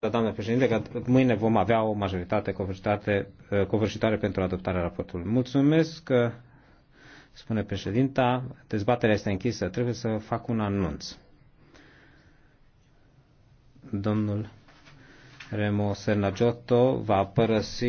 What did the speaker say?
Da, doamnă președinte, că mâine vom avea o majoritate eh, covârșitoare pentru adoptarea raportului. Mulțumesc, că, eh, spune președinta. Dezbaterea este închisă. Trebuie să fac un anunț. Domnul Remo Sernagiotto va părăsi